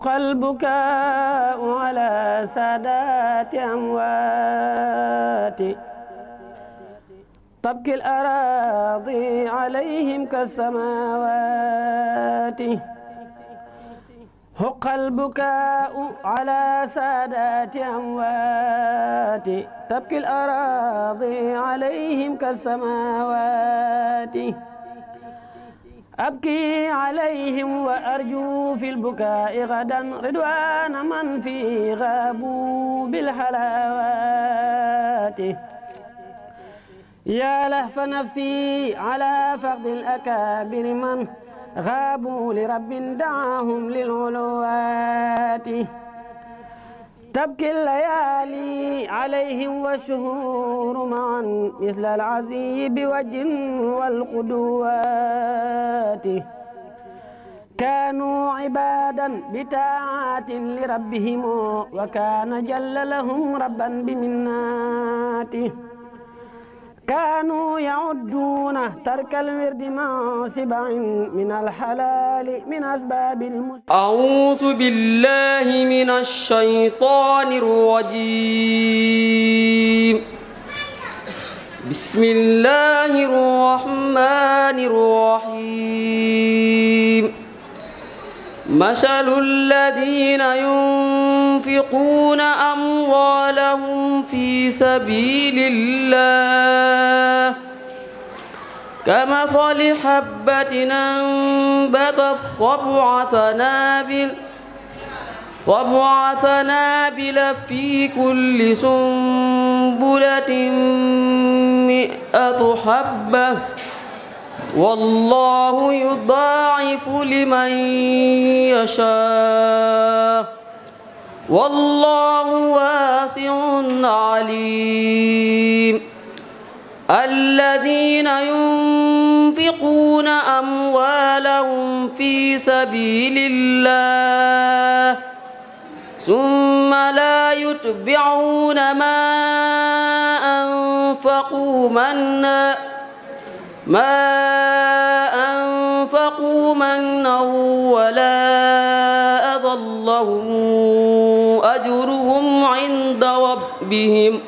حق البكاء على سادات أموات تبكي الأراضي عليهم كالسماوات حق البكاء على سادات أموات تبكي الأراضي عليهم كالسماوات أبكي عليهم وأرجو في البكاء غدا رضوان من في غابوا بالحلاوات يا لهف نفسي على فقد الأكابر من غابوا لرب دعاهم للعلوات تبكي الليالي عليهم والشهور معا مثل العزيب وجه والقدوات كانوا عبادا بتاعات لربهم وكان جل لهم ربا بمناته كانوا يعدون ترك الورد منصبا من الحلال من أسباب المس أعوذ بالله من الشيطان الرجيم بسم الله الرحمن الرحيم مثل الذين ينفقون ينفقون أموالهم في سبيل الله كمثل حبة أنبتت سبع سنابل سبع سنابل في كل سنبلة مئة حبة والله يضاعف لمن يشاء والله واسع عليم الذين ينفقون أموالهم في سبيل الله ثم لا يتبعون ما أنفقوا منا ما أنفقوا منا ولا أذى اللهم أجرهم عند ربهم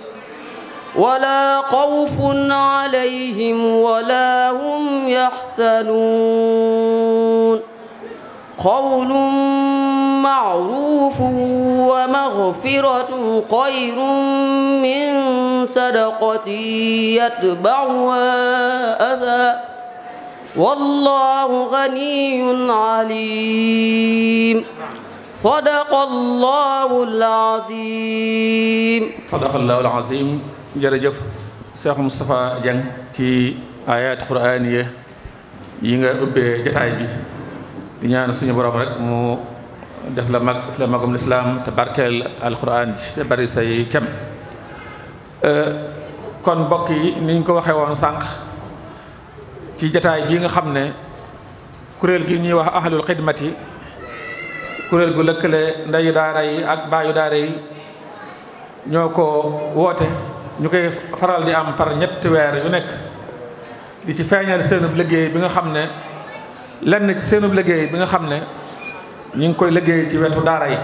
ولا خوف عليهم ولا هم يحزنون قول معروف ومغفرة خير من صدقة يتبعها أذى والله غني عليم sadaqallaahu al-aziim. sadaqallaahu al-aziim jërëjëf ci ayaat quraaniya yi nga ubbee jataay bi ñaan suñu borom rek mu def la mag la magum lislaam te barkeel alquran ji te bari say kem euh, kon mbokk yi niñ ko waxee woon sànq ci jataay bi nga xam ne kuréel gi ñuy wax ahlul xidmati kuréel gu lëkkale ndeyu daara yi ak baayu daara yi ñoo ko woote ñu koy faral di am par ñetti weer yu nekk di ci feeñal seenub liggéey bi nga xam ne lenn ci seenub liggéey bi nga xam ne ñu ngi koy liggéey ci wetu daara yi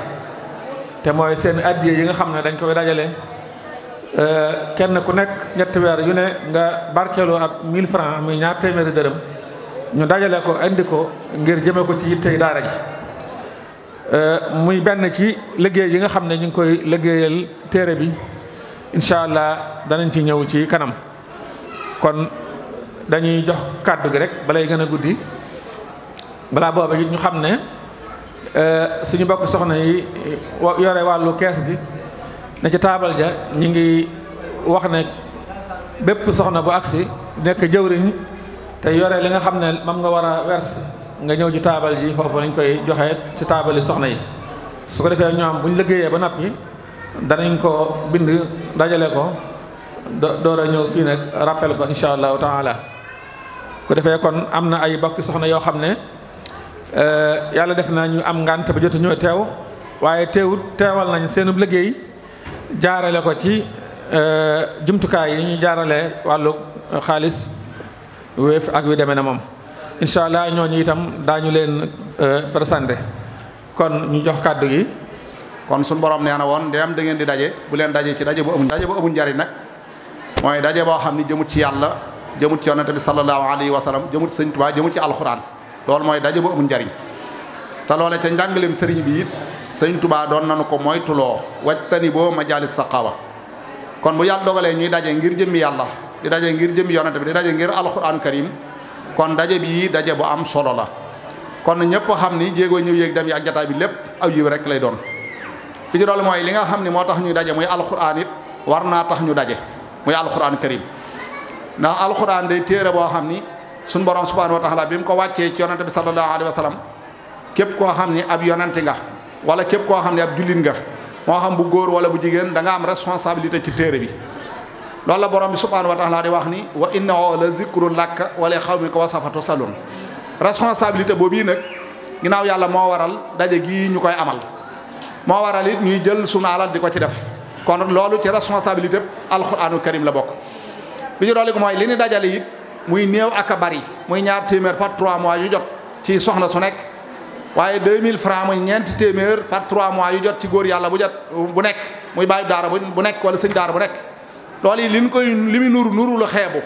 te mooy seen addiye yi nga xam ne dañ koy dajale kenn ku nekk ñetti weer yu ne nga barkeeloo ab 1000 francs muy ñaar téeméeri dërëm ñu dajale ko indi ko ngir jëme ko ci yittey daara ji Euh, muy benn ci liggéey yi nga xam ne ñu ngi koy liggéeyal téere bi incha allah danañ ci ñëw ci kanam kon dañuy jox kàddu gi rek balay gën a guddi balaa booba ñu xam ne euh, suñu bokk soxna yi yore wàllu kees gi ne ci taabal ja ñu ngi wax ne bépp soxna bu agsi nekk jëwriñ te yore li nga xam ne moom nga war a wersi nga ñëw ci taabal yi foofu nañ koy joxe ci taabali soxna yi su ko defee ñoom bu ñu liggéeyee ba noppi danañ ko bind dajale ko door a ñëw fii nag rappel ko incha allahu taala ku defee kon am na ay bokki soxna yoo xam ne euh, yàlla def na ñu am ngànt ba jot ñoo teew waaye teewut teewal nañ seenu liggéey jaarale ko ci euh, jumtukaay yi ñuy jaarale wàllu xaalis wéef ak wi demee na moom incha allah ñooñu itam daañu leen euh, présenté kon ñu jox kàddu gi. kon suñu borom nee na woon ndéem da ngeen di daje bu leen daje ci daje bu amul daje bu amul njariñ nag mooy daje boo xam ni jëmut ci yàlla jëmut ci yonente bi sallallahu alayhi wa sallam jëmut sëñ Tuubaa jëmut ci alxuraan loolu mooy daje bu amul njariñ te loole ca njàngaleem sëriñ bi it sëñ Tuubaa doon nañu ko mooy tuloo wajtani boo majaalis saqaawa kon bu yàlla dogalee ñuy daje ngir jëmmi yàlla di daje ngir jëmmi yonente bi di daje ngir alxuraan karim kon daje bii daje bu am solo la kon ñëpp xam ni jéego ñëw yéeg dem yi ak jataay bi lépp aw yiw rek lay doon li ci dool mooy li nga xam ni moo tax ñuy daje muy alxuraan it war naa tax ñu daje muy alxuraan karim ndax alxuraan day téere boo xam ni suñu borom subhaanahu wa taala bi mu ko wàccee ci yonante bi sallallahu alayhi wa képp koo xam ni ab yonante nga wala képp koo xam ni ab jullit nga moo xam bu góor wala bu jigéen danga am responsabilité ci téere bi loolu la borom bi subhaanahu wa taala di wax ni wa innahu la zikrun lakka wala xawmika ko safatu salun responsabilité boobu yi nag ginnaaw yàlla moo waral daje gii ñu koy amal moo waral it ñuy jël sunu alal di ko ci def kon loolu ci responsabilité alquraanu karim la bokk bi ñu doole ko mooy li ñu dajale it muy néew ak a bari muy ñaar téeméer par trois mois yu jot ci soxna su nekk waaye 2000 francs muy ñeenti téeméer par trois mois yu jot ci góor yàlla bu jot bu nekk muy daara bu nekk wala sëñ daara bu nekk loolu yi mu koy li muy nuru nuru lu xeebu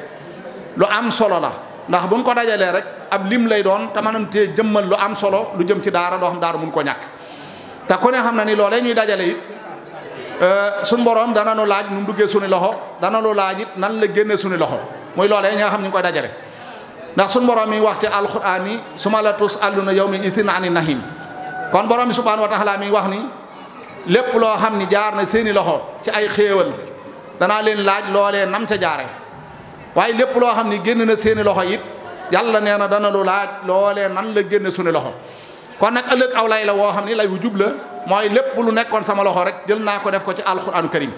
lu am solo la ndax buñ ko dajalee rek ab lim lay doon te maanaam te jëmmal lu am solo lu jëm ci daara doo xam daara mun ko ñàkk te ku ne xam na ni loolee ñuy dajale it euh, suñ borom dana nu laaj nu duggee suñu loxo dana nu laaj it nan la génnee suñu loxo muy loolee yi nga xam ñu ngi koy dajale ndax suñ borom mi wax ci alquran yi su ma la tus àlluna yow mi isin ani nahim kon borom bi subhanahu wa taala mi wax ni lépp loo xam ni jaar na seeni loxo ci ay xéewal danaa leen laaj loole nam ca waaye lépp loo xam ne génn na seeni loxo it yàlla nee na dana lu laaj loole nan la génn sunu loxo kon nag ëllëg aw lay la woo xam ni lay wu jub la mooy lépp lu nekkoon sama loxo rek jël naa ko def ko ci alxuraanu këriñ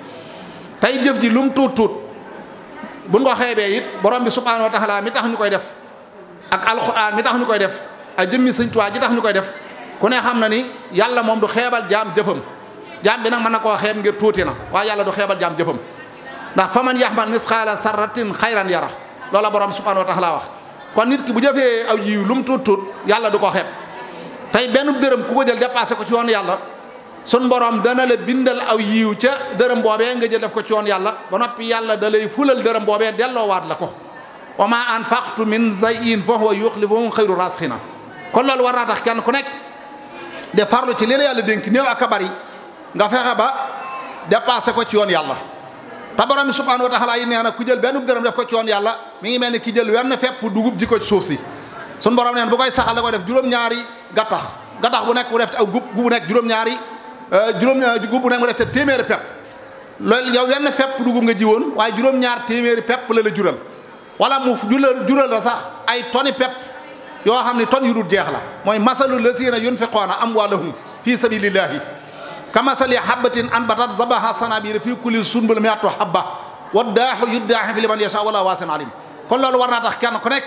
tey jëf ji lu mu tuut tuut buñ ko xeebee it borom bi subhaanahu wa taala mi tax ñu koy def ak alxuraan mi tax ñu koy def a jëmmi sëñ Tuubaa ji tax ñu koy def ku ne xam na ni yàlla moom du xeebal jaam jëfam jaam bi nag mën na koo xeeb ngir tuuti na waaye yàlla du xeebal jaam jëfam ndax faman fa man yaxmal misqaala sarratin xayran yara loola borom subhaana wa taala wax kon nit ki bu jëfee aw yiw lu mu tuut yàlla du ko xeeb tey benn dërëm ku ko jël dépassé ko ci yoon yàlla sun borom dana la bindal aw yiw ca dërëm boobee nga jël def ko ci yoon yàlla ba noppi yàlla da lay fulal dërëm boobee delloowaat la ko wa ma anfaqtu min zayin fa huwa yuxlifuhu xayru rasxina kon loolu war naa tax kenn ku nekk de farlu ci li la yàlla dénk néew ak a bari nga fexe ba dépassé ko ci yoon yàlla te borom bi subhaanahu wa taala yi nee na ku jël benn dërëm def ko ci yoon yàlla ngi mel ni ki jël wenn fepp dugub ji ko ci suuf si sun borom neen bu koy saxal da koy def juróom-ñaari gattax gattax bu nekk mu def ci aw gub gubu nekk juróom-ñaari euh, juróom gub bu nekk mu def ci téeméeri pepp loolu yow wenn fepp dugub nga ji woon waaye juróom-ñaar téeméeri pepp la la jural wala mu jural jural la sax ay toni pep yoo xam ne ton yu dul jeex la mooy masalu lazina yunfiqoona amwaalahum fi sabilillahi kamasali habbatin anbatat sabaha sanabila fii kulli sunbul miatu habba wa daaxu yu daaxi fi liman yasha wala waasin alim kon loolu war tax kenn ku nekk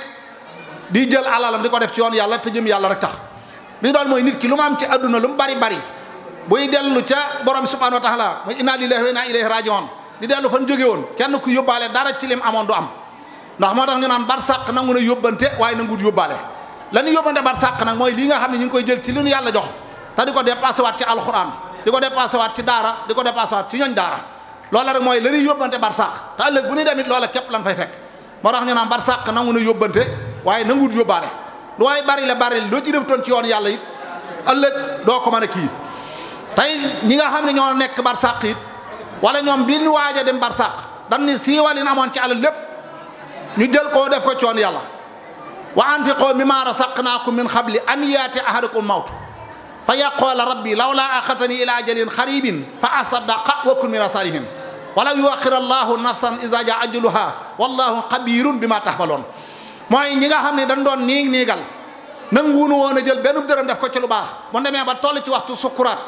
di jël alalam di ko def ci yoon yalla te jëm yàlla rek tax li doon mooy nit ki lu am ci àdduna lu mu bari bari buy dellu ca borom subhanahu wa taala mooy inna lillahi wa inna ilayhi rajiun di dellu fan jóge woon kenn ku yóbbaale dara ci lim amoon du am ndax moo tax ñu naan barsàq nangu na yóbbante waaye nanguwut yóbbaale la ñu yóbbante barsàq nag mooy lii nga xam ne ñu ngi koy jël ci li ñu yàlla jox te di ko dépassé waat ci di ko dépassé waat ci daara di ko dépassé waat ci ñooñ daara loola rek mooy la ñuy yóbbante barsàq te ëllëg bu ñuy demit loola képp lan fay fekk moo tax ñu naan barsàq nangu na yóbbante waaye nanguwut yóbbaale lu waay bari la bari loo ci deftoon ci yoon yàlla it ëllëg doo ko mën a kii ñi nga xam ne ñoo nekk barsàq it wala ñoom bi ñu waaj a dem barsàq dañ ni siiwalin amoon ci alal lépp ñu jël koo def ko coon yàlla wa anfiqoo mimmaa razaqnaakum min qabli an yaati ahadakum mawtu fa yaqoola rabbi lawlaa axartani ila ajalin xaribin fa asaddaqa wa kun min asalihin walaw yuaxira allahu nafsan iza ja ajuluha wallahu xabirun bi ma taxmaloon mooy ñi nga xam ne dañ doon niig niigal nanguwunu woon a jël benn dërëm def ko ci lu baax mu demee ba toll ci waxtu sukkuraat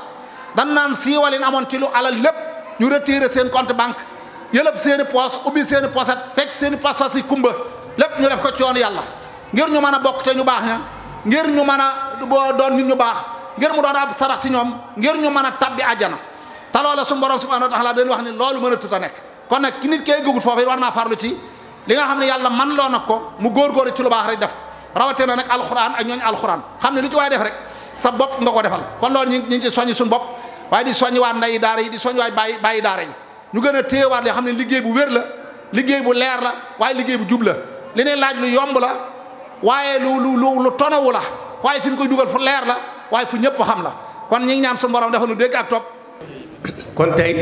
dan naan siiwalin amoon ci lu alal lépp ñu retiré seen compte banque yëlëb seen i poos ubbi seen i poosat fekk seen i pas-pas yi kumba lépp ñu def ko ci woon yàlla ngir ñu mën a bokk ca ñu baax ña ngir ñu mën a doon nit ñu baax ngir mu doon ab sarax ci ñoom ngir ñu mën a tabbi àjjana te loola suñu borom subhanahu wa taala dañu wax ni loolu mën a tuta nekk kon nag ki nit kee gugut foofu it war naa farlu ci li nga xam ne yàlla man loo nag ko mu góorgóorlu ci lu baax rek def ko rawatee na nag alxuraan ak ñooñu alxuraan xam ne lu ci waay def rek sa bopp nga ko defal kon loolu ñu ngi ci soññi suñu bopp waaye di soññi waat ndeyi daara yi di soññi waay bàyyi bàyyi daara yi ñu gën a téyewaat li xam ne liggéey bu wér la liggéey bu leer la waaye liggéey bu jub la li ne laaj lu yomb la waaye lu lu lu tonawu la waaye fi ñu koy dugal fu leer la waaye fu ñëpp xam la kon ñi ñaan su borom dafa nu dégg ak topp kon tey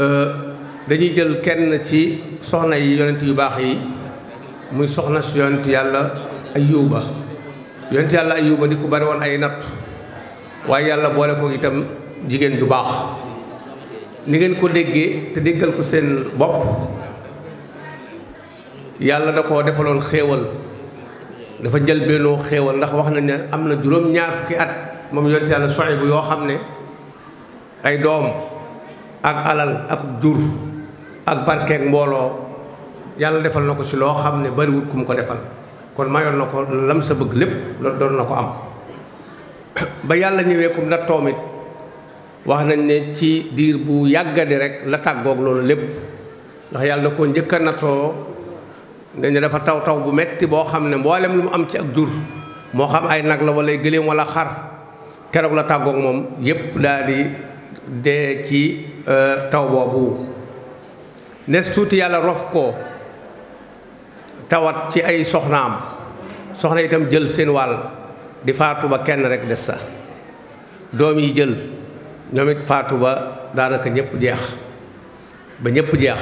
euh, dañuy jël kenn ci soxna yi yonent yu baax yi muy soxna si yonent yàlla Ayuba yonent yàlla Ayuba di ku bari woon ay natt waaye yàlla boole ko itam jigéen ju baax ni ngeen ko déggee te déggal ko seen bopp yàlla da ko defaloon xéewal dafa njëlbeenoo xéewal ndax wax nañ ne am na juróom-ñaar fukki at moom yonent yàlla soxi bu yoo xam ne ay doom ak alal ak jur ak barkeeg mbooloo yàlla defal na ko si loo xam ne bariwut ku mu ko defal kon mayoon na ko lam sa bëgg lépp loolu doon na ko am ba yàlla ñëwee kum na toomit wax nañ ne ci diir bu yàggadi rek la tàggoog loolu lépp ndax yàlla koo njëkk a dañu dafa taw taw bu metti boo xam ne mboolem lu mu am ci ak jur moo xam ay nag la wala gëléem walla xar keroog la tàggoog moom yépp daal di dee ci euh, taw boobu nes tuuti yàlla rof ko tawat ci ay soxnaam soxna itam jël seen wàll di faatu ba kenn rek des sa doom yi jël ñoomit faatu ba daanaka ñëpp jeex ba ñépp jeex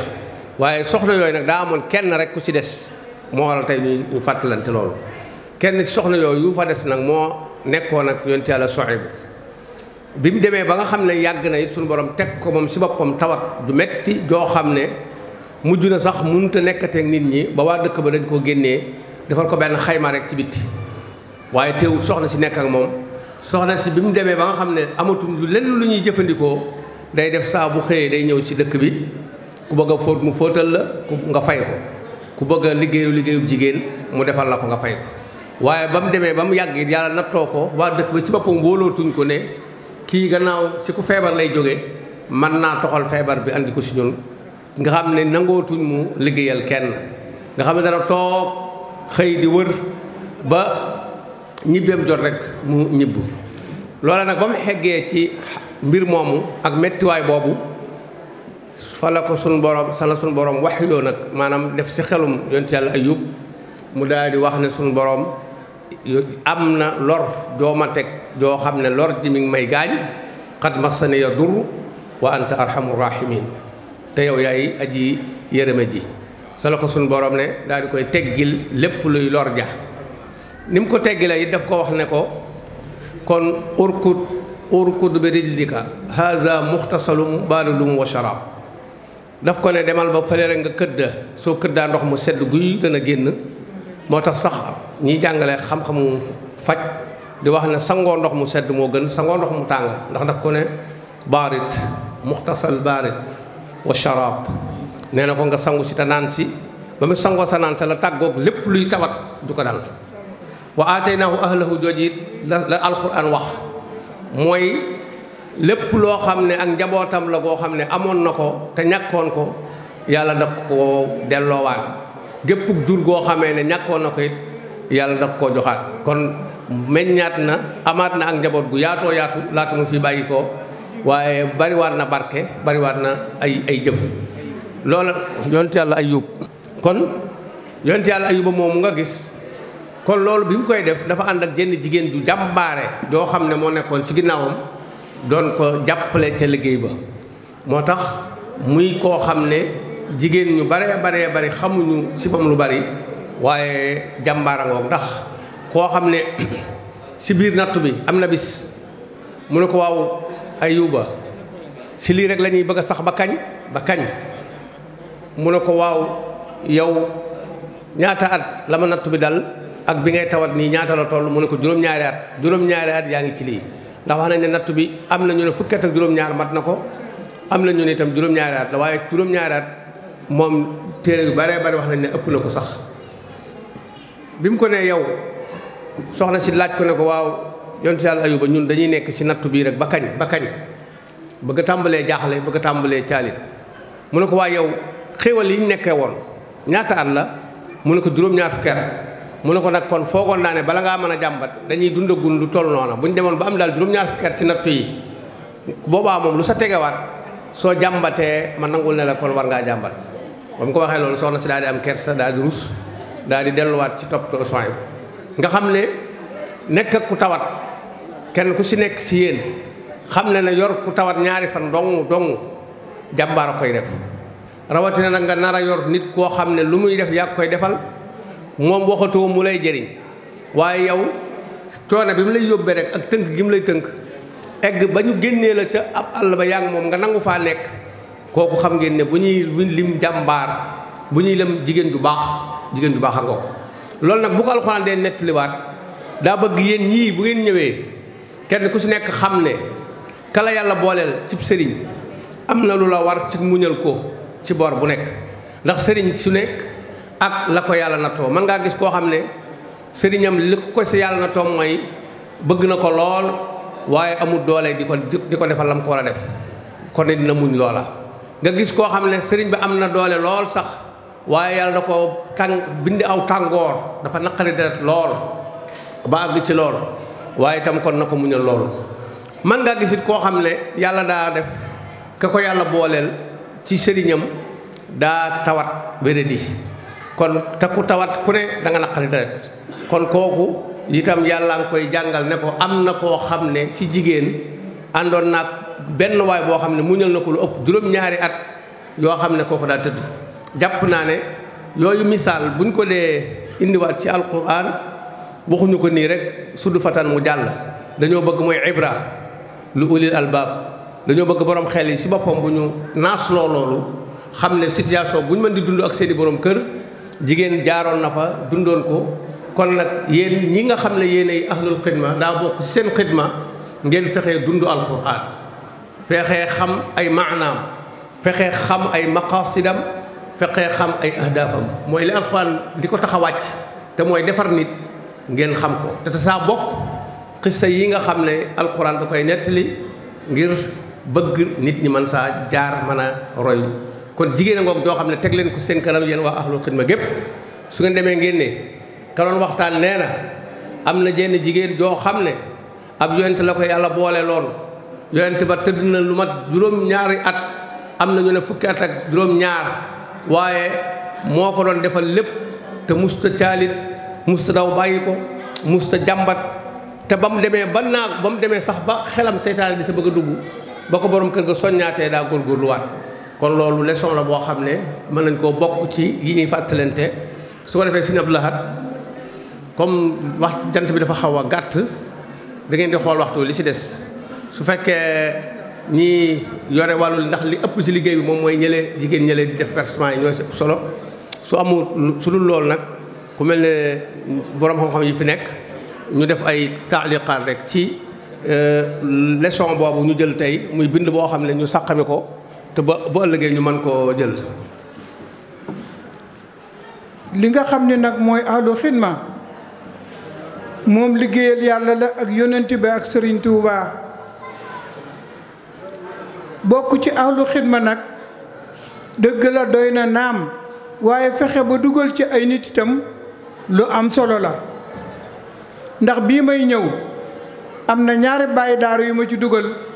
waaye soxna yooyu nag daa amoon kenn rek ku ci des moo waral tey ñu fàttalante loolu kenn ci soxna yooyu yu fa des nag moo nekkoon ak yonent yàlla Suhayb bi mu demee ba nga xam ne yàgg na it suñu borom teg ko moom ci boppam tawat ju metti joo xam ne mujj na sax mënut a nekkateeg nit ñi ba waa dëkk ba dañ koo génnee defal ko benn xayma rek ci bitti waaye teewul soxna si nekk moom soxna si bi mu demee ba nga xam ne amatum lu lenn lu ñuy jëfandikoo day def saa bu xëyee day ñëw ci dëkk bi ku bëgg fóot mu fóotal la ku nga fay ko ku bëgg a liggéeyu liggéeyu jigéen mu defal la ko nga fay ko waaye ba mu demee ba mu yàgg it yàlla nattoo ko waa dëkk ba si boppam wóolootuñ ko ne kii gannaaw si ku feebar lay jógee man naa toxal feebar bi indi ko si ñun nga xam ne nangootuñ mu liggéeyal kenn nga xam ne dana toog xëy di wër ba ñibbeem jot rek mu ñibb loola nag ba mu xeggee ci mbir moomu ak mettiwaay boobu fa ko sunu borom sa la sunu borom wax yoo nag maanaam def ci xelum yonent yàlla ayub mu daal di wax ne sunu borom am na lor joo teg joo xam ne lor ji mi ngi may gaañ xat masani ya dur wa anta arhamur rahimin te yow yaay aji yërëme ji sa ko sunu borom ne daal di koy teggil lépp luy lor ja ni mu ko teggila it daf ko wax ne ko kon urkud urkud bi rijlika haza muxtasalum baaridum wa sharab daf ko ne demal ba fële rek nga këdda soo këddaa ndox mu sedd guy a génn moo tax sax ñiy jàngale xam-xamu faj di wax ne sangoo ndox mu sedd moo gën sangoo ndox mu tàng ndax daf ko ne baarit muxtasal baarit wa sharaab nee na ko nga sangu si te naan si ba mu sangoo sa naan sa la tàggoog lépp luy tawat du ko dal wa aataynaahu ahlahu jooju it la la alquran wax mooy lépp loo xam ne ak njabootam la goo xam ne amoon na ko te ñàkkoon ko yàlla da ko delloowaat gépp jur goo xamee ne ñàkkoon na ko it yàlla da koo joxaat kon meññaat na amaat na ak njaboot gu yaatoo yaatu laata mu fi bàyyi ko waaye bariwaat na barke bariwaat na ay ay jëf loola yonent yàlla ayub kon yonent yàlla ayuba moomu nga gis kon loolu bi mu koy def dafa ànd ak jenn jigéen ju jàmbaare joo xam ne moo nekkoon ci ginnaawam doon ko jàppale ca liggéey ba moo tax muy koo xam ne jigéen ñu baree baree bari xamuñu si moom lu bari waaye jàmbaara ndax koo xam ne si biir nattu bi am na bis mu ne ko waaw Ayuba si lii rek lañuy bëgg a sax ba kañ ba kañ mu ne ko waaw yow ñaata at la ma nattu bi dal ak bi ngay tawat nii ñaata la toll mu ne ko juróom-ñaari at juróom-ñaari at yaa ngi ci lii ndax wax nañ ne nattu bi am na ñu ne fukki at ak juróom-ñaar mat na ko am na ñu ne itam juróom-ñaari at la waaye juróom-ñaari at moom téere yu baree bari wax nañ ne ëpp na ko sax bi ko nee yow soxna si laaj ko ne ko waaw yontu yàlla ayuba ñun dañuy nekk si nattu bii rek ba kañ ba kañ bëgg a tàmbalee jaaxle bëgg a tàmbalee caalit mu ne ko waa yow xéewal yi nekkee woon ñaata at la mu ne ko juróom-ñaar fukki at mu ne ko nag kon foogoon naa ne bala ngaa mën a jàmbat dañuy dundagun lu toll noona bu ñu demoon ba am daal juróom-ñaar fukki at ci nattu yi boobaa moom lu sa tegewaat soo jàmbatee ma nangul ne la kon war ngaa jàmbat ba ko waxee loolu soxna si daal di am kersa daal di rus daal di delluwaat ci toppatoo soin nga xam ne nekk ku tawat kenn ku si nekk si yéen xam ne ne yor ku tawat ñaari fan dong dong jàmbaar a koy def rawatina nag nga nar yor nit koo xam ne lu muy def yaa koy defal moom waxatoo mu lay jëriñ waaye yow coono bi mu lay yóbbee rek ak tënk gi mu lay tënk egg ba ñu génnee la ca ab àll ba yaa moom nga nangu faa nekk kooku xam ngeen ne bu ñuy lim jàmbaar bu ñuy lim jigéen ju baax jigéen ju baax a loolu nag bu ko alxuraan dee nettaliwaat daa bëgg yéen ñii bu ngeen ñëwee kenn ku si nekk xam ne kala yàlla booleel cib sëriñ am na lu la war ci muñal ko ci boor bu nekk ndax sëriñ su nekk ak la ko yàlla na nattoo mën ngaa gis koo xam ne sëriñam li ko si yàlla nattoo mooy bëgg na ko lool waaye amul doole di ko di ko defal lam ko war a def kon ne dina muñ loola nga gis koo xam ne sëriñ bi am na doole lool sax waaye da ko tàng bindi aw tàngoor dafa naqari deret lool àgg ci lool waaye itam kon na ko muñal loolu mën ngaa gisit koo xam ne yàlla daa def ka ko yàlla booleel ci sëriñam daa tawat wéradi kon te ku tawat ku ne danga nga naqari deret kon kooku itam yàlla nga koy jàngal ne ko am na koo xam ne ci jigéen àndoon naag benn waay boo xam ne mu muñal na ko lu ëpp juróom-ñaari at yoo xam ne kooku daal tëdd jàpp naa ne yooyu misaal buñ ko dee indiwaat ci alquran waxuñu ko nii rek sudu fatan mu jàll dañoo bëgg mooy ibra lu ulil albaab dañoo bëgg borom xel yi si boppam bu ñu naas loo loolu xam ne situation bu ñu mën di dund ak seeni borom kër jigéen jaaroon na fa dundoon ko kon nag yéen ñi nga xam ne yéenay ahlul xidma daa bokk ci seen xidma ngeen fexe dund alquran fexe xam ay maanaam fexe xam ay maqasidam fexe xam ay ahdaafam mooy li alquran li ko tax a wàcc te mooy defar nit ngeen xam ko te te saa bokk xissa yi nga xam ne alquran da koy nettali ngir bëgg nit ñi mën saa jaar mën a roy kon jigéen a ngoog joo xam ne teg leen ko seen kanam yéen waa axlul xidma gépp su ngeen demee ngeen ne ka doon waxtaan nee na am na jenn jigéen joo xam ne ab yonent la ko yàlla boole loon yonent ba tëdd na lu mat juróom-ñaari at am na ñu ne fukki at ak juróom-ñaar waaye moo ko doon defal lépp te musta caalit musta daw bàyyi ko musta jàmbat te ba mu demee ba naag ba mu demee sax ba xelam seytaane di sa bëgg a dugg ba ko borom kër ga soññaatee daa góorgóorluwaat kon loolu leçon la boo xam ne mën nañ koo bokk ci yi ñuy fàttalante su ko defee sëñ Abdou Lahad comme wax jant bi dafa xaw a gàtt da di xool waxtu li si des su fekkee ñi yore wàllu ndax li ëpp si liggéey bi moom mooy ñële jigéen ñële di def versement yi ñoo ci solo su amul su dul lool nag ku mel ne borom xam-xam yi fi nekk ñu def ay taaliqaat rek ci euh, leçon boobu ñu jël tey muy bind boo xam ne ñu sàqami ko te ba bu ëllëgee ñu mën koo jël li nga xam ni nag mooy ahlu xidma moom liggéeyal yàlla la ak yonent bi ak sëriñ Tuuba bokk ci ahlu xidma nag dëgg la doy na naam waaye fexe ba dugal ci ay nit itam lu am solo la ndax bii may ñëw am na ñaari bàyyi daaru yu ma ci dugal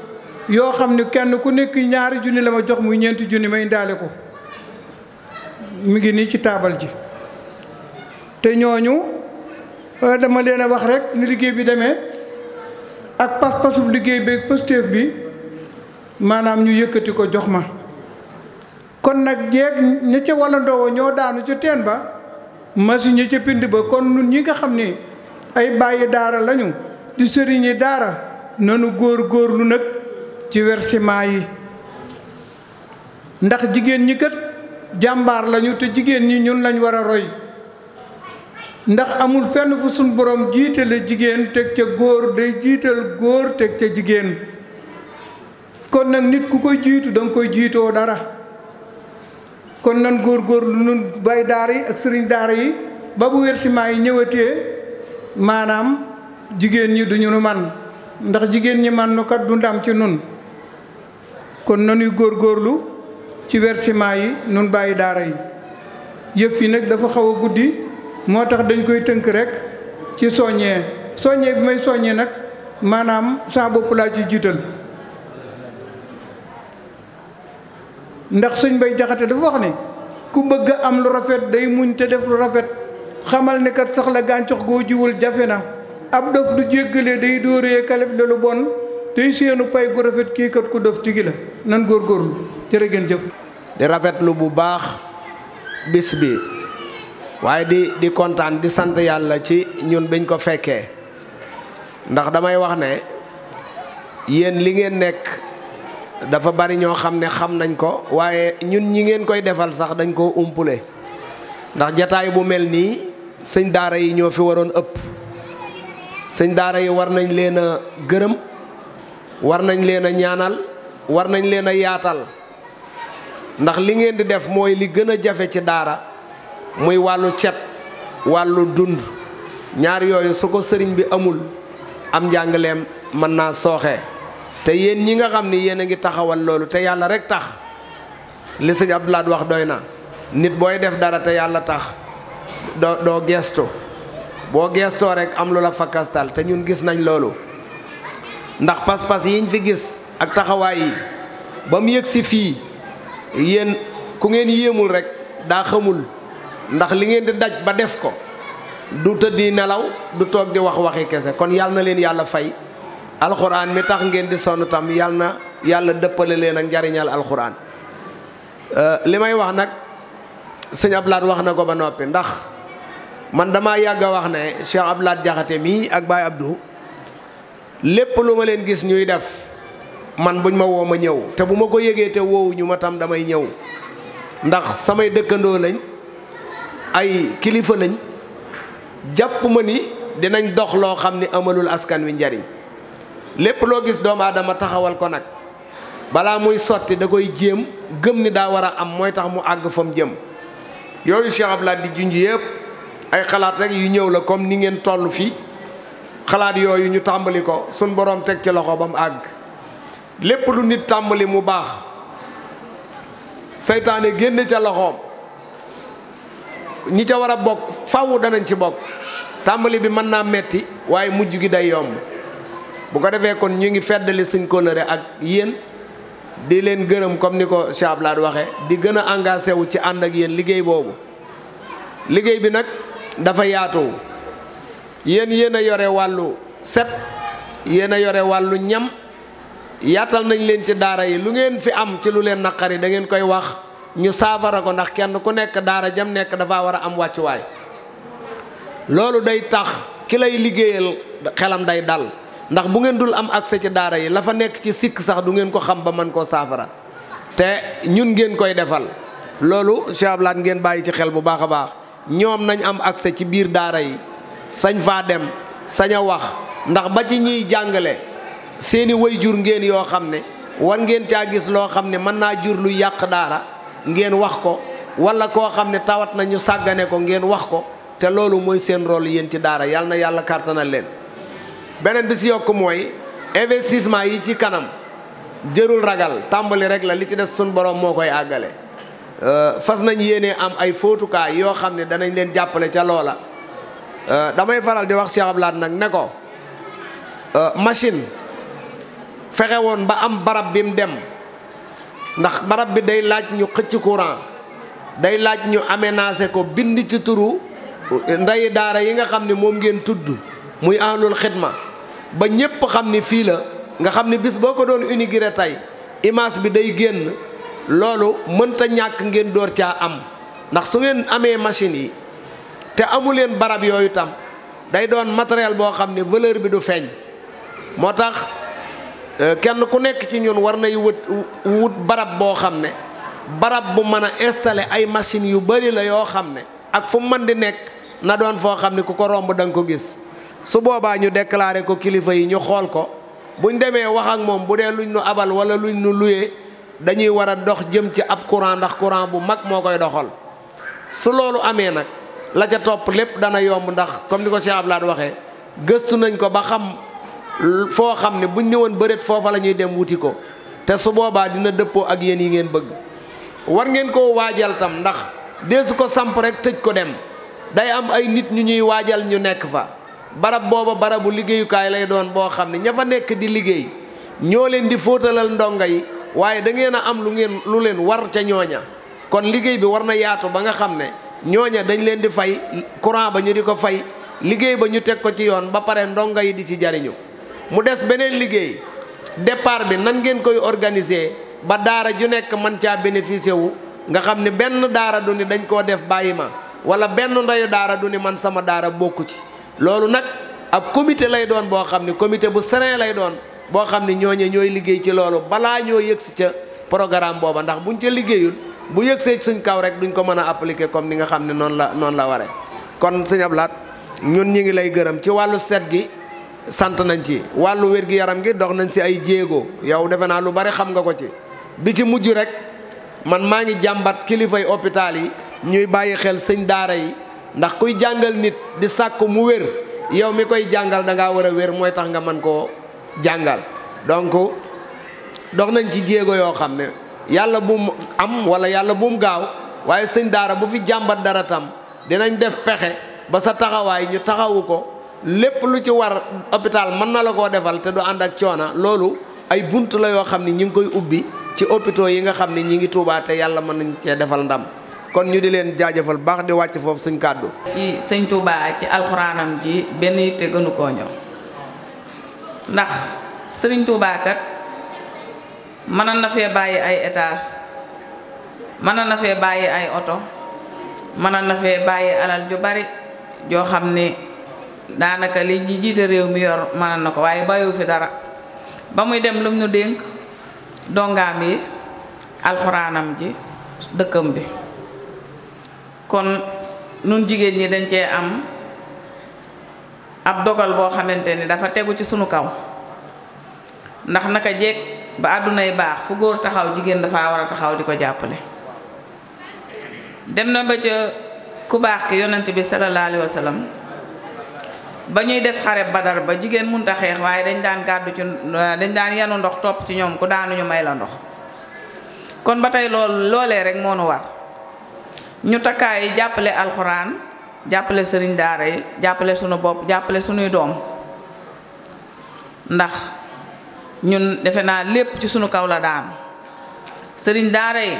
yoo xam ne kenn ku nekk ñaari junni la ma jox muy ñeenti junni may ndaale ko mu ngi nii ci taabal ji te ñooñu euh, dama leen a wax rek ni liggéey bi demee ak pas-pasub liggéey bi ak pëstéef bi maanaam ñu yëkkati ko jox ma kon nag jeeg ña ca walla ndoowo ñoo daanu ca teen ba machine ñi ca pind ba kon nun ñi nga xam ni ay bàyyi daara lañu di sëriñi daara nanu góor góor lu nag ci versement yi ndax jigéen ñi kat jàmbaar lañu te jigéen ñi ñun lañu war a roy ndax amul fenn fu suñ borom jiitale jigéen teg ca góor de jiital góor teg ca jigéen kon nag nit ku koy jiitu danga koy jiitoo dara kon nan góor-góor lu nun bay daar yi ak sëriñ daar yi ba bu versement yi ñëwatee maanaam jigéen ñi duñu nu man ndax jigéen ñi man nu kat du ndam ci nun kon nanuy góorlu ci versement yi nun bàyyi daara yi yëf yi nag dafa xaw a guddi moo tax dañ koy tënk rek ci soññee soññee bi may soññee nag maanaam saa bopp laa ci jiital ndax sëñ bay jaxate dafa wax ne ku bëgg am lu rafet day muñ te def lu rafet xamal ne kat sax la gàncax goo jiwul jafe na ab dof du jéggalee day dóoree kaleb la lu bon tey seenu pay gu rafet kii kat ku def tigi la nan góorgóorlu jërë ngeen jëf. di rafetlu bu baax bis bi waaye di di kontaan di sant yàlla ci ñun biñ ko fekkee ndax damay wax ne yéen li ngeen nekk dafa bari ñoo xam ne xam nañ ko waaye ñun ñi ngeen koy defal sax dañ koo umpule ndax jataay bu mel nii sëñ daara yi ñoo fi waroon ëpp sëñ daara yi war nañ leen a gërëm war nañ leen a ñaanal war nañ leen a yaatal ndax li ngeen di def mooy li gën a jafe ci daara muy wàllu cet wàllu dund ñaar yooyu su ko sëriñ bi amul am njàngaleem mën naa sooxee te yéen ñi nga xam ni yéen a ngi taxawal loolu te yàlla rek tax li sëñ Abdou wax doy na nit booy def dara te yàlla tax doo doo geestu boo geestoo rek am lu la fakkastal te ñun gis nañ loolu ndax pas-pas yiñ fi gis ak taxawaay yi ba mu yëg si fii yéen ku ngeen yéemul rek daa xamul ndax li ngeen di daj ba def ko du tëddi nelaw du toog di wax waxi kese kon yàlla na leen yàlla fay alxuraan mi tax ngeen di sonn tam yàlla na yàlla dëppale leen ak njariñal alxuraan euh, li may wax nag sëñ Ablaat wax na ko ba noppi ndax man damaa yàgg wax ne Cheikh Ablaat Jaxate mii ak Baay Abdou lépp lu ma leen gis ñuy def man buñ ma woo ma ñëw te bu ma ko yégee te woowuñu ma tam damay ñëw ndax samay dëkkandoo lañ ay kilifa lañ jàpp ma ni dinañ dox loo xam ni amalul askan wi njariñ lépp loo gis doomu dama taxawal ko nag balaa muy sotti da koy jéem gëm ni daa war a am mooy tax mu àgg fa mu jëm yooyu Cheikh Abdoulaye di junj yépp ay xalaat rek yu ñëw la comme ni ngeen tollu fii xalaat yooyu ñu tàmbali ko suñ boroom teg ci loxo ba mu àgg lépp lu nit tàmbali mu baax seytaane génn ca loxoom ñi ca war a bokk faw danañ ci bokk tàmbali bi mën naa metti waaye mujj gi day yomb bu ko defee kon ñu ngi feddali suñ kóllëre ak yéen di leen gërëm comme ni ko Cheikh Abdoulaye waxee di gën a engagé wu ci ànd ak yéen liggéey boobu liggéey bi nag dafa yaatu yéen yéen a yore wàllu set yéen a yore wàllu ñam yaatal nañ leen ci daara yi lu ngeen fi am ci lu leen naqari da ngeen koy wax ñu saafara ko ndax kenn ku nekk daara jam nekk dafa war a am wàccuwaay loolu day tax ki lay liggéeyal xelam day dal ndax bu ngeen dul am accès ci daara yi la fa nekk ci sikk sax du ngeen ko xam ba mën koo saafara te ñun ngeen koy defal loolu Cheikh Abdoulaye ngeen bàyyi ci xel bu baax a baax ñoom nañ am accès ci biir daara yi sañ faa dem sañ a wax ndax ba ci ñiy jàngale seeni way jur ngeen yoo xam ne war ngeen caa gis loo xam ne mën naa jur lu yàq daara ngeen wax ko wala koo xam ne tawat na ñu sàggane ko ngeen wax ko te loolu mooy seen rôle yéen ci daara yàlla na yàlla kàttanal leen beneen bi si yokk mooy investissement yi ci kanam jërul ragal tàmbali rek la li ci des suñ borom moo koy àggale euh, fas nañ yéene am ay fóotukaay yoo xam ne danañ leen jàppale ca loola Euh, damay faral di wax Cheikh Abdou nag ne ko euh, machine fexe woon ba am barab bi mu dem ndax barab bi day laaj ñu xëcc courant day laaj ñu aménager ko bind ci turu euh, ndeyi daara yi nga xam ne moom ngeen tudd muy ahlul xidma ba ñépp xam ni fii la nga xam ni bis boo ko doon inaugurer tey image bi day génn loolu mënta ñàkk ngeen door caa am ndax su ngeen amee machine yi te amu leen barab yooyu tam day doon matériel boo xam ne valeur bi du feeñ moo tax euh, kenn ku nekk ci ñun war nay wut wut barab boo xam ne barab bu mën a installé ay machines yu bari la yoo xam ne ak fu mën di nekk na doon foo xam ne ku ko romb da nga ko gis su boobaa ñu déclaré ko kilifa yi ñu xool ko buñ demee wax ak moom bu dee luñ nu abal wala luñ nu luyee dañuy war a dox jëm ci ab courant ndax courant bu mag moo koy doxal su loolu amee nag la ca topp lépp dana yomb ndax comme ni ko Cheikh Abdoulaye waxee gëstu nañ ko ba xam foo xam ne buñ ñëwoon bëreet foofa la ñuy dem wuti ko te su boobaa dina dëppoo ak yéen yi ngeen bëgg war ngeen koo waajal tam ndax deesu ko samp rek tëj ko dem day am ay nit ñu ñuy waajal ñu nekk fa barab booba barabu liggéeyukaay lay doon boo xam ne ña fa nekk di liggéey ñoo leen di fóotalal ndonga yi waaye da ngeen a am lu ngeen lu leen war ca ñooña kon liggéey bi war na yaatu ba nga xam ne ñooña dañ leen di fay courant ba ñu di ko fay liggéey ba ñu teg ko ci yoon ba pare ndongo yi di ci jariñu mu des beneen liggéey départ bi nan ngeen koy organiser ba daara ju nekk man caa bénéficier wu nga xam ne benn daara du ni dañ koo def bàyyi ma wala benn ndeyu daara du ni man sama daara bokku ci loolu nag ab comité lay doon boo xam ne comité bu serein lay doon boo xam ne ñooñe ñooy liggéey ci loolu balaa ñoo yëgsi ca programme booba ndax buñ ca liggéeyul bu yëgsee suñ kaw rek duñ ko mën a appliquer comme ni nga xam ne noonu la noon la waree kon sëñ Abdou ñun ñi ngi lay gërëm ci wàllu set gi sant nañ ci wàllu wér gi yaram gi dox nañ si ay jéego yow defe naa lu bari xam nga ko ci bi ci mujj rek man maa ngi jàmbat kilifay hôpital yi ñuy bàyyi xel sëñ daara yi ndax kuy jàngal nit di sàkku mu wér yow mi koy jàngal da ngaa war a wér mooy tax nga mën koo jàngal donc dox nañ ci jéego yoo xam ne yàlla bu mu am wala yàlla bu gaaw waaye sëñ daara bu fi jàmbat dara tam dinañ def pexe ba sa taxawaay ñu taxawu ko lépp lu ci war hôpital mën na la koo defal te du ànd ak coona loolu ay bunt la yoo xam ni ñi ngi koy ubbi ci hôpitaux yi nga xam ni ñi ngi Tuubaa te yàlla mën nañ cee defal ndam kon ñu di leen jaajëfal baax di wàcc foofu suñ kàddu ci sëñ Tuubaa ci alxuraanam ji benn te gënu koo ñëw ndax sëriñ Tuubaa kat mënoon na fee bàyyi ay étage mënoon na fee bàyyi ay oto mënoon na fee bàyyi alal ju bari joo xam ni daanaka li ji jiite réew mi yor mënoon na ko waaye bàyyiwu fi dara ba muy dem lu mu nu dénk dongaam yi alxuraanam ji dëkkam bi kon nun jigéen ñi dañ cee am ab dogal boo xamante ni dafa tegu ci sunu kaw ndax naka jekk ba àdduna yi baax fu góor taxaw jigéen dafa war a taxaw di ko jàppale dem na ba ca ku baax ki yonent bi sallallahu alayhi wa sallam ba ñuy def xare badar ba jigéen mënut a xeex waaye dañ daan gàddu ci dañ daan yenu ndox topp ci ñoom ku daanuñu may la ndox kon ba tey loolu loolee rek moo nu war ñu takkaay jàppale alxuraan jàppale sëriñ daara yi jàppale sunu bopp jàppale sunuy doom ndax ñun defe naa lépp ci suñu kaw la daanu sëriñ daara yi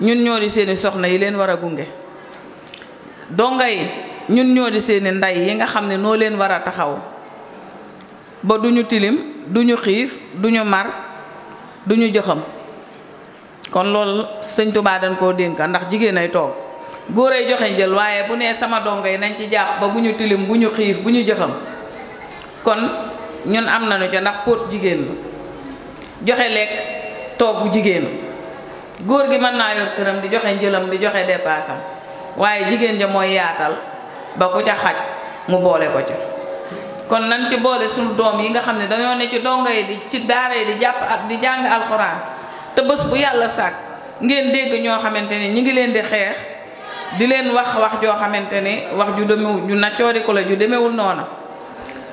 ñun ñoo di seeni soxna yi leen war a gunge dongo yi ñun ñoo di seeni ndey yi nga xam ne noo leen war a taxaw ba duñu tilim duñu xiif duñu mar duñu ñu joxam kon loolu sëñ Tuubaa dañ koo dénk ndax jigéen ay toog góor ay joxe njël waaye bu nee sama dongo yi nañ ci jàpp ba bu ñu tilim bu ñu xiif bu ñu joxam kon ñun am nañu ca ndax póot jigéen la joxe lekk togg jigéenu góor gi mën naa yor këram di joxe njëlam di joxe depaasam waaye jigéen ja mooy yaatal ba ku ca xaj mu boole ko ca kon nan ci boole suñu doom yi nga xam ne dañoo ne ci donga yi di ci daara yi di jàpp at di jàng alxuraan te bés bu yàlla sàkk ngeen dégg ñoo xamante ni ñu ngi leen di xeex di leen wax wax joo xamante ni wax ju demewul ju naccoori ko la ju demewul noona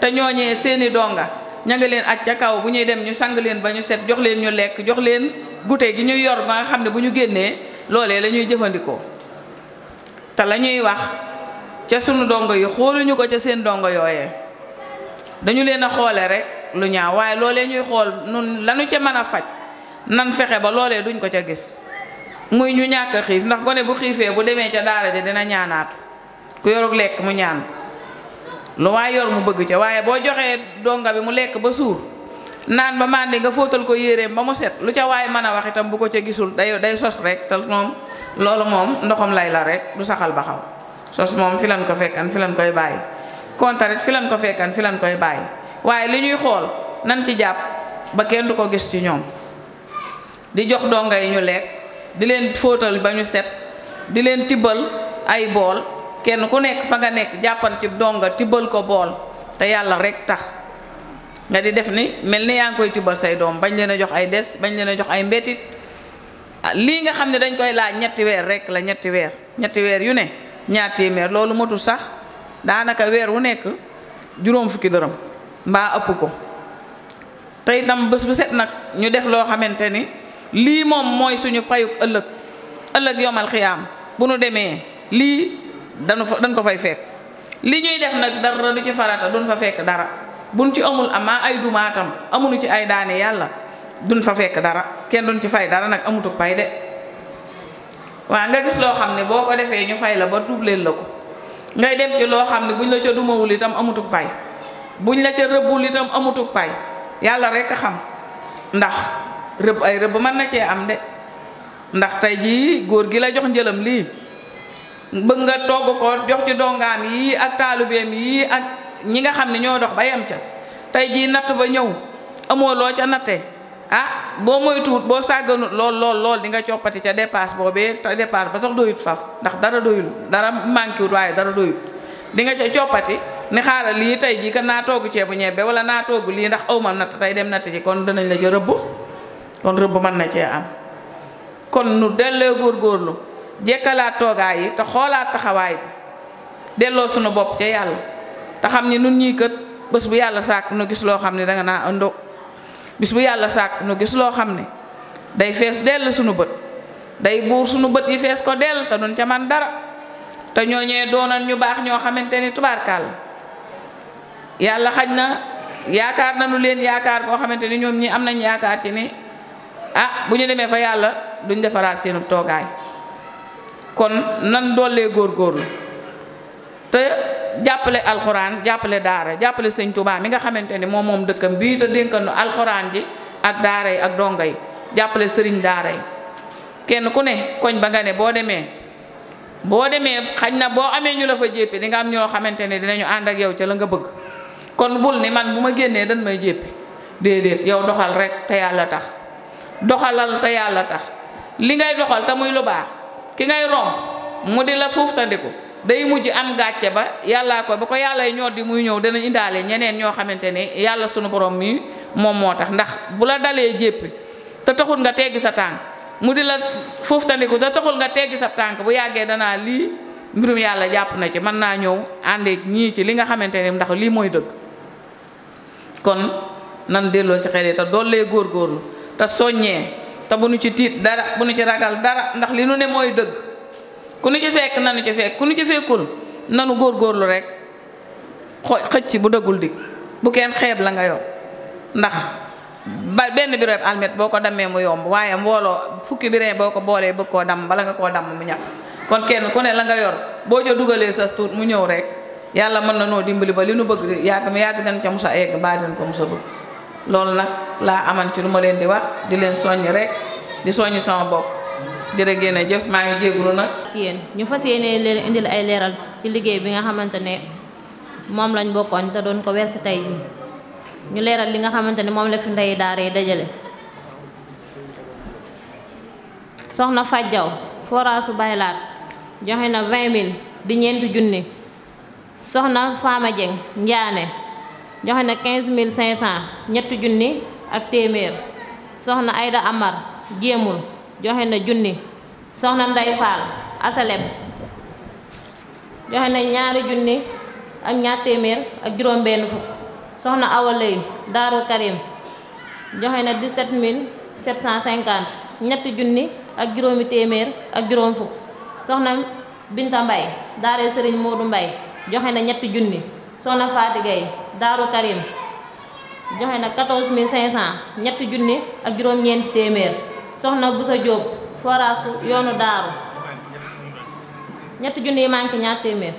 te ñooñee seeni donga ña nga leen aj ca kaw bu ñuy dem ñu sang leen ba ñu set jox leen ñu lekk jox leen gute gi ñuy yor ba nga xam ne bu ñu génnee loolee lañuy jëfandikoo te la ñuy wax ca sunu dongo yi xooluñu ko ca seen dongo yooyee dañu leen a xoole rek lu ñaaw waaye loolee ñuy xool nun lañu ca mën a faj nan fexe ba loolee duñ ko ca gis muy ñu ñàkk xiif ndax gone bu xiifee bu demee ca daara ji dina ñaanaat ku yorug lekk mu ñaan lu waay yor mu bëgg ca waaye boo joxee donga bi mu lekk ba suur naan ba màndi nga fóotal ko yéreem ba mu set lu ca waay mën a wax itam bu ko ca gisul day day sos rek te moom loolu moom ndoxam lay la rek du saxal ba xaw sos moom fi lan ko fekkan fi lan koy bàyyi kontaret fi lan ko fekkan fi lan koy bàyyi waaye li ñuy xool nan ci jàpp ba kenn du ko gis ci ñoom di jox dongo yi ñu lekk di leen fóotal ba ñu set di leen tibbal ay bool kenn ku nekk fa nga nekk jàppal ci donga tibbal ko bool te yàlla rek tax nga di def ni mel ni yaa ngi koy tibbal say doom bañ leen a jox ay des bañ leen a jox ay mbetit ah, lii nga xam ne dañ koy laaj ñetti weer rekk la ñetti weer ñetti weer yu ne ñaar téeméer loolu matul sax daanaka weer wu nekk juróom fukki dërëm mbaa ëpp ko tey itam bés bu set nag ñu def loo xamante ni lii moom mooy suñu payug ëllëg ëllëg yomal xiyaam bu nu demee lii danu fa dañ ko fay fekk li ñuy def nag dara du ci farata duñ fa fekk dara buñ ci amul amaa ay dumaatam amuñu ci ay daane yàlla duñ fa fekk dara kenn duñ ci fay dara nag amutu pay de waa nga gis loo xam ne boo ko defee ñu fay la ba dubleel la ko ngay dem ci loo xam ne buñ la ca dumawul itam amutuk fay buñ la ca rëbbul itam amutuk pay yàlla rek a xam ndax rëbb ay rëbb mën na cee am de ndax tey jii góor gi la jox njëlam lii bëgg nga togg ko jox ci dongaam yii ak taalubeem yii ak ñi nga xam ne ñoo dox ba yem ca tey jii natt ba ñëw amoo loo ca natte ah boo moytuwut boo sàgganut lool lool lool di nga coppati ca dépasse boobee te dépasse ba sax doyut faf ndax dara doyul dara manqué wut waaye dara doyut di nga ca coppati ne xaaral lii tey jii kan naa togg ceebu ñebbe wala naa togg lii ndax aw ma natt tey dem natt ci kon danañ la ca rëbb kon rëbb mën na cee am kon nu dellee góorgóorlu jekkalaat toogaay yi te xoolaat taxawaay bi delloo sunu bopp ca yàlla te xam ni nun ñii kët bés bu yàlla sàkk nu gis loo xam ne danga naa ëndoo bis bu yàlla sàkk nu gis loo xam ne day fees dell sunu bët day buur sunu bët yi fees ko dell te nun ca man dara te ñoo ñooñee doonan ñu baax ñoo xamante ni tubaarkaal yàlla xaj na yaakaar nañu leen yaakaar koo xamante ni ñoom ñi am nañ yaakaar ci ni ah bu ñu demee fa yàlla duñ defaraat seenu toogaay kon nan doolee góorgóorlu te jàppale alxuraan jàppale daara jàppale sëñ Touba mi nga xamante ni moom moom dëkkam bii te dénkanu alxuraan ji ak daara yi ak donga yi jàppale sëriñ daara yi kenn ku ne koñ ba nga ne boo demee boo demee xañ na boo amee ñu la fa jéppi di nga am ñoo xamante ne dinañu ànd ak yow ca la nga bëgg kon bul ni man bu ma génnee dañ may jéppi déedéet yow doxal rek te yàlla tax doxalal te yàlla tax li ngay doxal te muy lu baax ki ngay romb mu di la fuuftandiku day mujj am gàcce ba yàllaa ko ba ko yàlla yi ñoo di muy ñëw dana indaale ñeneen ñoo xamante ne yàlla sunu borom mi moom moo tax ndax bu la dalee jéppi te taxul nga teggi sa tànk mu di la fuuftandiku te taxul nga teggi sa tànk bu yàggee danaa lii mbirum yàlla jàpp na ci mën naa ñëw àndeek ñii ci li nga xamante ne ndax lii mooy dëgg kon nan delloo si xel yi te doollee góorgóorlu te soññee te bu nu ci tiit dara bu nu ci ragal dara ndax li nu ne mooy dëgg ku nu ci fekk nanu ci fekk ku nu ci fekkul góor góorgóorlu rek xo xëcc bu dëggul dik bu kenn xeeb la nga yor ndax ba benn bireeb almet boo ko dammee mu yomb waaye mbooloo fukki biree boo ko boolee bëgg koo damm bala nga koo damm mu ñax kon kenn ku ne la nga yor boo ca dugalee sa tuut mu ñëw rek yàlla mën na noo dimbali ba li nu bëgg yàgg mu yàgg dañ ca musa egg baa dañ ko musa bëgg loolu nag laa aman ci lu ma leen di wax di leen soññ rek di soññ sama bopp jërë ngeen a jëf maa ngi jégalu nag. ñu fas yéene leen indil ay leeral ci liggéey bi nga xamante ne moom lañ bokkoon te doon ko wersi tey ñu leeral li nga xamante ne moom la fi ndey daara yi dajale. soxna Fajjaw foraasu baylaat joxe na 20 000 di ñeenti junni soxna Fama Dieng joxe na 15500 ñetti junni ak téeméer soxna Ayda Amar jéemul joxe na junni soxna Ndey Fall asalem joxe na ñaari junni ak ñaar téeméer ak juróom benn fukk soxna awalay Daaru Karim joxe na 17750 ñetti junni ak juróomi téeméer ak juróom fukk soxna Binta Mbay daare Sëriñ Moodu Mbay joxe na ñetti junni soxna Faati Gaye Daaru Karim joxe na 14500 ñetti junni ak juróom-ñeenti téeméer soxna Busa Jóob foraasu yoonu daaru ñetti junni yu manqué ñaar téeméer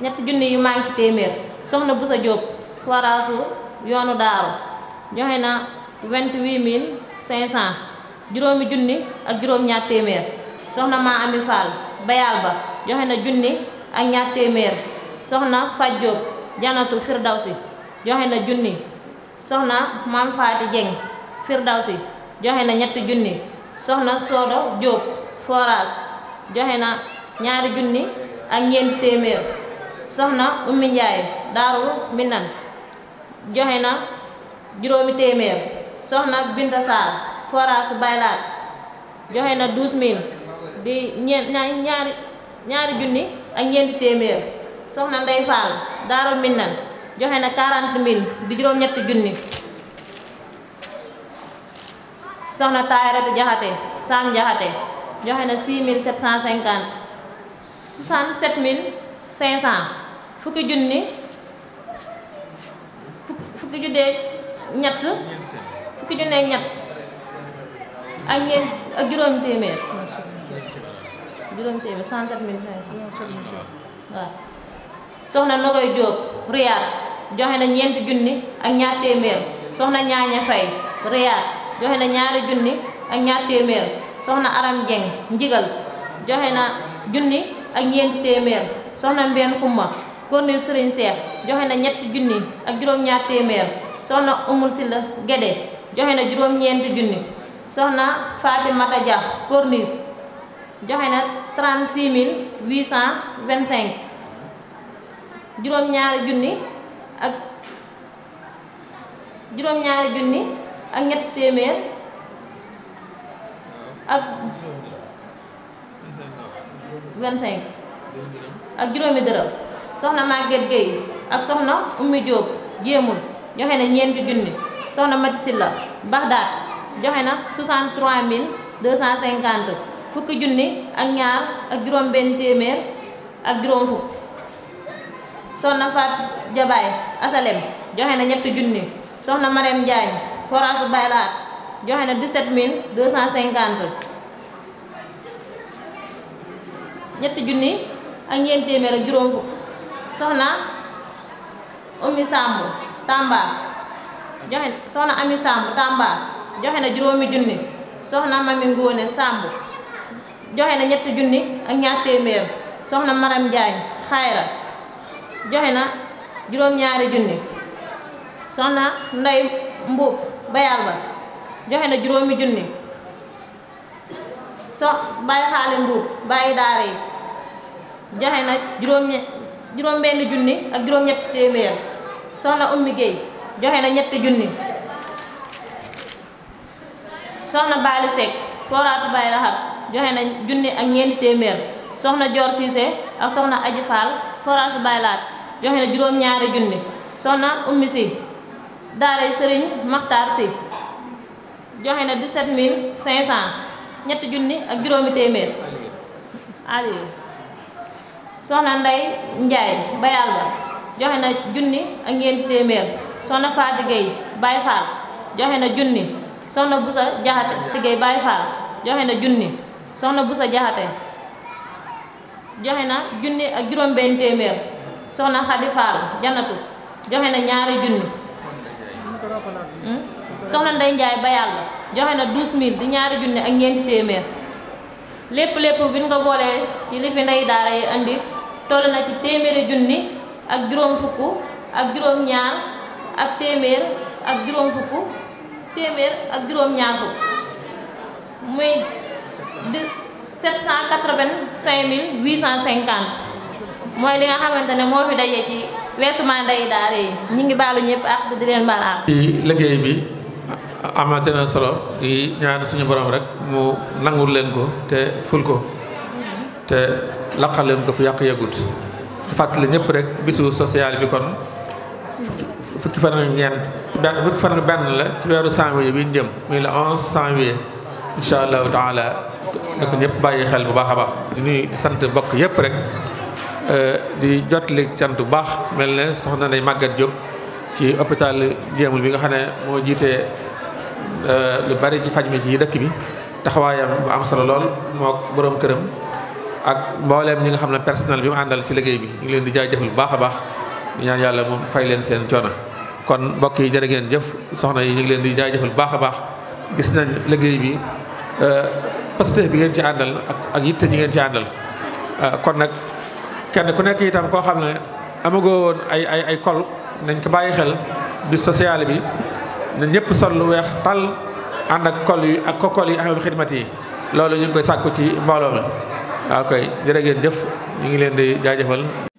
na 28500 juróomi junni ak juróom-ñaar téeméer soxna maa ami Fall bayal ba joxe na junni ak ñaar téeméer soxna Faj Diop janatu Firdawsi joxe na junni soxna Maam Faati Jeng Firdawsi joxe na ñetti junni soxna Soodo Diop Forage joxe na ñaari junni ak ñeenti téeméer soxna Ummi Njaay Daaru Minan joxe na juróomi téeméer soxna Binta Saar Baylaat joxe na douze di ñeent ñaari ñaari junni ak ñeenti téeméer soxna Ndey Fall Daaru Minam joxe na 40 mille di juróom-ñetti junni soxna Tayratu Jaxate Sam Jaxate joxe na 6 mille 750 67 mille 500 fukki junni fukki junnee ñett fukki junnee ñett ak ñeent ak juróomi téeméer juróomi téeméer 67 mille 500 waaw soxna Nogoy Diop Riyad joxe na ñeenti junni ak ñaar téeméer soxna Ñaaña Fay Riyad joxe na ñaari junni ak ñaar téeméer soxna Aram Dieng Njigal joxe na junni ak ñeenti téeméer soxna Mbeen Xumma Kornil Sëriñ Seex joxe na ñetti junni ak juróom-ñaar téeméer soxna Umul Silla Gédé joxe na juróom-ñeenti junni soxna Fatimata Dia Kornis joxe na 36 825 juróom-ñaari junni ak juróom-ñaari junni ak ñetti téeméer ak vingt-cinq ak juróomi dërëm soxna Maguette Gueye ak soxna Oumy jéemul joxe na ñeenti junni soxna Mati Silla Baxdaat joxe na 63 250 fukki junni ak ñaar ak juróom benn téeméer ak juróom fukk soxna Faat Jabaay Asalem joxe na ñetti junni soxna Marème Diagne foraasu Baylaat joxe na 17 250 ñetti junni ak ñeent téeméer ak juróom fukk soxna Ami Samb Tamba joxe soxna Ami Samb Tamba joxe na juróomi junni soxna Mami Ngóone Samb joxe na ñetti junni ak ñaar téeméer soxna Maram Diagne Xayra joxe na juróom-ñaari junni soxna nday mbuub bayaal ba joxe na juróomi junni so bàyyi xaali mbuub bàyyi daara yi joxe na juróom juróom benn junni ak juróom ñetti téeméer soxna ummi géey joxe na ñetti junni soxna baali sekk fooraatu bay raxab joxe na junni ak ñeenti téeméer soxna joor siise ak soxna aji faal fooraatu bay laat joxe na juróom-ñaari junni soxna ummi si daaray sëriñ maxtaar si joxe na 17500 ñetti junni ak juróomi téeméer ali soxna nday njaay bayal ba joxe na junni ak ñeenti téeméer soxna faati gay baay faal joxe na junni soxna busa jaxate tigay baay faal joxe na junni soxna busa jaxate joxe na junni ak juróom benn téeméer soxna Xadi Faal janatu joxe na ñaari junni hmm? soxna Ndey ba yàlla joxe na douze mille di ñaari junni ak ñeenti téeméer lépp lépp bi ñu ko boolee ci li fi ndey daara yi andi toll na ci téeméeri junni ak juróom fukk ak juróom ñaar ak téeméer ak juróom fukk téeméer ak juróom ñaar fukk muy 785 850 mooy li nga xamante ne moo fi daje ci weesuma yi ñu ngi baalu ñëpp ak di leen baal ak. ci liggéey bi amate na solo di ñaan suñu borom rek mu nangul leen ko te ful ko te laqal leen ko fu yàq yëgut fàttali ñëpp rek bisu social bi kon fukki fa ak ñeent benn fukki fan ak benn la ci weeru janvier bi ñu jëm muy le 11 janvier incha allahu taala na ko ñëpp bàyyi xel bu baax a baax di nuyu sant bokk yëpp rek. Euh, di jot li cant bu mel ne soxna Ndeye Maguette Diop ci hôpital jéemul bi nga xam ne moo jiitee euh, lu bari ci faj mi ci dëkk bi taxawaayam bu am solo lool moo boroom këram ak mbooleem ñi nga xam ne personnel bi mu àndal ci liggéey bi ñu ngi leen di jaajëfal bu baax a baax ñu ñaan moom fay leen seen coono kon mbokk yi jërë ngeen jëf soxna yi leen di jaajëfal bu baax a baax gis nañ liggéey bi euh, pasteef bi ngeen ci àndal ak ak yitte ñi ngeen ci àndal kon nag kenn ku nekk itam koo xam ne amagoo woon ay ay ay kol dañ ko bàyyi xel bi sociale bi na ñëpp sol lu weex tal ànd ak kol yi ak kokol yi amul xidmat yi loolu ñu ngi koy sàkku ci mbooloo la waaw koy jërë ngeen jëf ñu ngi leen di jaajëfal